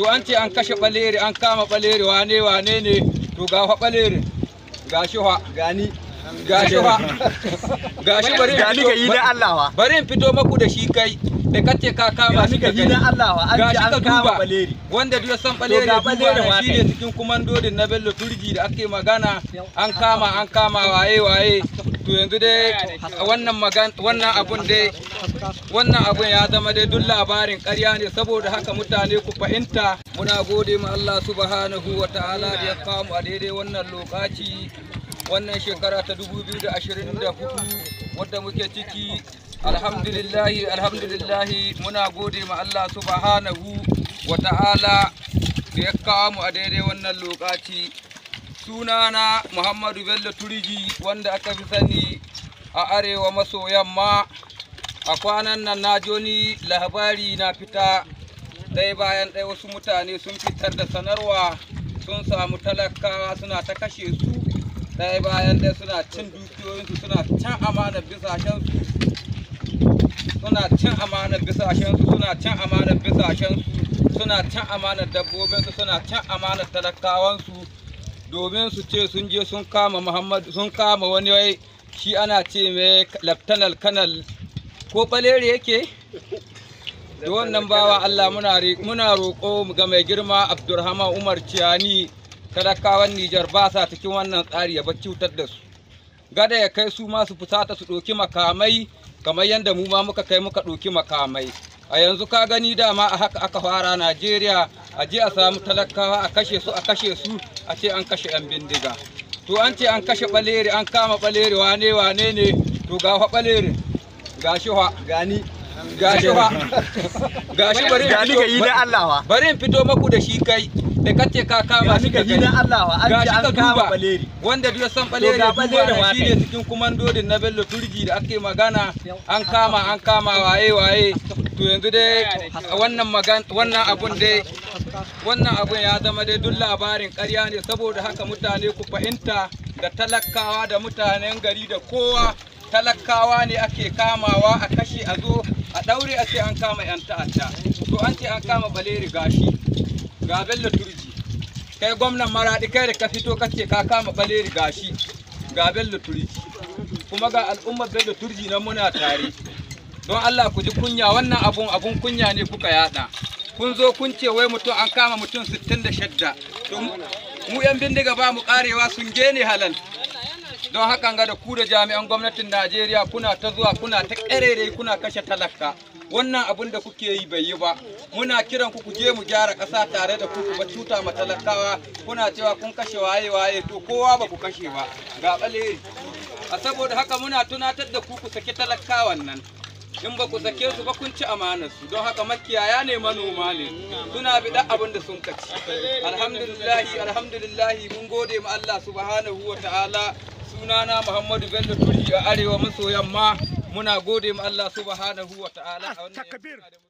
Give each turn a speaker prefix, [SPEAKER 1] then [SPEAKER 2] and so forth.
[SPEAKER 1] to an ce an kashe ɓaleri an kama ɓaleri wane wane ne to ga fa ɓalerin ga shi fa gani ga shi fa ga shi bari ga ni ga yi Allah wa bari in fito maku da shi kai da kace ka kama shi ga an ga shi ka duba wanda duk san ɓaleri ga ɓalerin shi ne cikin kumandodin na Bello Turji da ake magana an kama an kama waye waye to yanzu dai wannan magan wannan abun dai wannan abun ya zama dai duk labarin ƙarya ne saboda haka mutane ku fahimta muna gode ma Allah subhanahu wa ta'ala da ya kamu a daidai wannan lokaci wannan shekara ta 2024 wadda muke ciki alhamdulillahi alhamdulillahi muna gode ma Allah subhanahu wa ta'ala da ya kawo mu a daidai wannan lokaci sunana muhammadu bello turiji wanda aka fi sani a arewa maso yamma a kwanan nan na joni labari na fita ɗaya bayan ɗaya wasu mutane sun fitar da sanarwa sun samu talakawa suna ta kashe su ɗaya bayan ɗaya suna cin dukiyoyinsu suna can amanar bisashensu suna cin amanar bisashensu suna cin amanar bisashensu suna cin amanar dabbobinsu suna cin amanar talakawansu domin su ce sun je sun kama muhammad sun kama wani wai shi ana ce mai laftanal kanal ko balere yake da wannan bawa Allah muna roƙo ga mai girma Abdulrahman Umar Ciyani talakawan Nijar ba sa cikin wannan tsari ya cutar da su gada ya kai su masu fusata su ɗoki makamai kamar yadda mu ma muka kai muka ɗoki makamai a yanzu ka gani dama a haka aka fara Najeriya a je a samu talakawa a kashe su a kashe su a ce an kashe yan bindiga to an ce an kashe ɓaleri an kama ɓaleri wane wane ne to ga fa ɓalerin ga shi fa gani ga shi fa ga shi bari in fito ga Allah bari in fito maku da shi kai da kace ka kama shi wa an ji an ka duba wanda duk san ɓaleri duba wa ne cikin kumandodin na Bello Turji da ake magana an kama an kama waye waye to yanzu dai wannan wannan abun dai wannan abin ya zama dai duk labarin ƙarya ne saboda haka mutane ku fahimta da talakawa da mutanen gari da kowa talakawa ne ake kamawa a kashe a zo a ɗaure a ce an kama 'yan ta'adda to an ce an kama baleri gashi ga bello turji kai gwamnan maraɗi kai da ka fito ka ce ka kama baleri gashi ga bello turji kuma ga al'ummar bello turji nan muna tare don allah ku ji kunya wannan abun abun kunya ne kuka yada kun zo kun ce wai mutum an kama mutum 66 to mu yan bindiga ba mu karewa sun gene halal don hakan ga da ku da jami'an gwamnatin Najeriya kuna ta zuwa kuna ta kuna kashe talaka wannan abin da kuke yi bai yi ba muna kiran ku je mu gyara ƙasa tare da ku ba cuta ma talakawa kuna cewa kun kashe waye waye to kowa ba ku kashe ba ga ɓale a saboda haka muna tunatar da ku ku saki talakawan nan in ba ku sake su ba kun ci amanar su don haka makiyaya ne manoma ne suna biɗa abin da sun kaci alhamdulillahi alhamdulillahi mun gode ma Allah subhanahu wa ta'ala sunana Muhammadu Bello Tuli a arewa maso yamma muna gode ma Allah subhanahu wa ta'ala a wannan